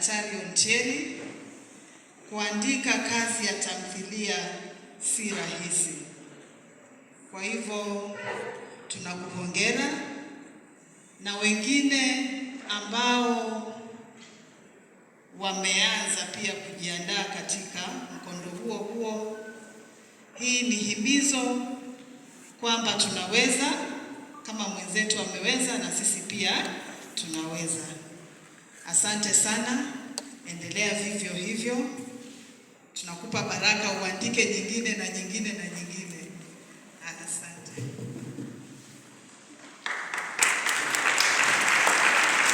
Daktari Ontieri. kuandika kazi ya tamthilia si rahisi. Kwa hivyo tunakupongeza na wengine ambao wameanza pia kujiandaa katika mkondo huo huo. Hii ni himizo kwamba tunaweza, kama mwenzetu ameweza, na sisi pia tunaweza. Asante sana, endelea vivyo hivyo, tunakupa baraka uandike nyingine na nyingine na nyingine. Ah, asante.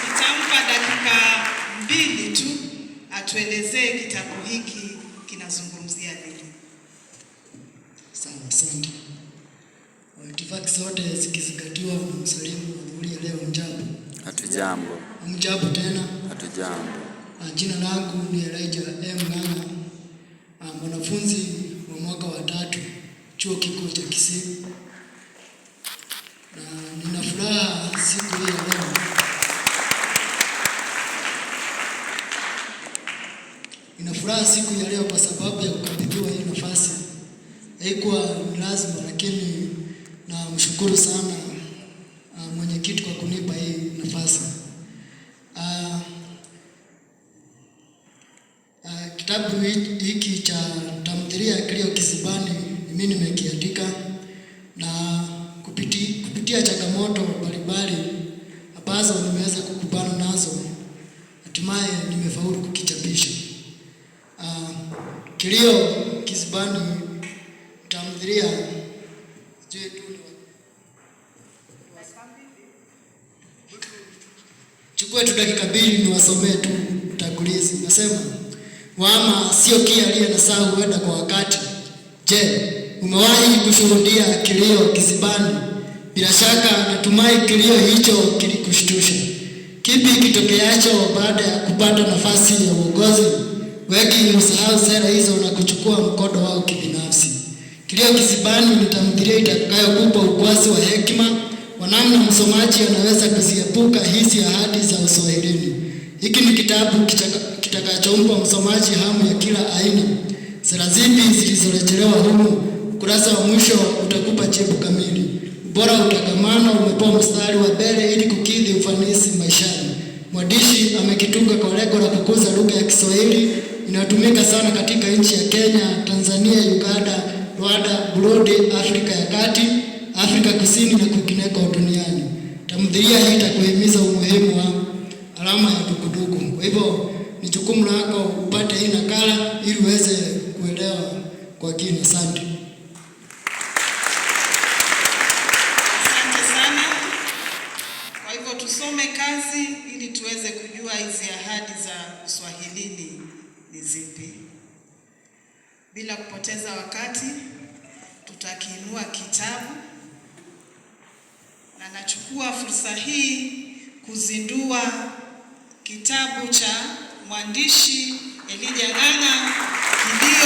Nitampa dakika mbili tu atuelezee kitabu hiki kinazungumzia nini. Sawa, asante. Itifaki zote zikizingatiwa, msalimu Hatujambo. Mjabu tena? Hatujambo. Ah, jina langu ni Elijah M. Nana, ah, mwanafunzi wa mwaka wa tatu chuo kikuu cha Kisii, na ah, nina furaha siku hii ya leo nina furaha siku ya leo kwa sababu ya kukabidhiwa hii nafasi. Haikuwa lazima, lakini namshukuru sana Kitabu hiki cha tamthilia ya Kilio Kisibani mimi nimekiandika na kupiti, kupitia changamoto mbalimbali ambazo nimeweza kukubana nazo, hatimaye nimefaulu kukichapisha. Uh, ah, Kilio Kisibani tamthilia chukue tu dakika mbili niwasomee tu utangulizi, nasema wama sio kila aliye na saa huenda kwa wakati. Je, umewahi kushuhudia kilio kizibani Bila shaka natumai kilio hicho kilikushtusha. Kipi kitokeacho baada ya kupata nafasi ya uongozi? Wengi husahau sera hizo na kuchukua mkondo wao kibinafsi. Kilio kizibani ni tamthilia itakayokupa ukwasi wa hekima wa namna msomaji anaweza kuziepuka hizi ahadi za uswahilini. Hiki ni kitabu kitakachompa msomaji hamu ya kila aina. Sera zilizorejelewa humu? Ukurasa wa mwisho utakupa jibu kamili. Ubora utangamana umepewa mstari wa mbele ili kukidhi ufanisi maishani. Mwandishi amekitunga kwa lengo la kukuza lugha ya Kiswahili inayotumika sana katika nchi ya Kenya, Tanzania, Uganda, Rwanda, Burundi, Afrika ya Kati, Afrika Kusini na kwingineko duniani. Tamthilia hii itakuhimiza umuhimu wa alama ya dukuduku. Kwa hivyo ni jukumu lako upate hii nakala ili uweze kuelewa kwa kina. Asante. sana. Kwa hivyo tusome kazi ili tuweze kujua hizi ahadi za uswahilini ni zipi. Bila kupoteza wakati, tutakiinua kitabu na nachukua fursa hii kuzindua kitabu cha mwandishi Elijah Gana kilio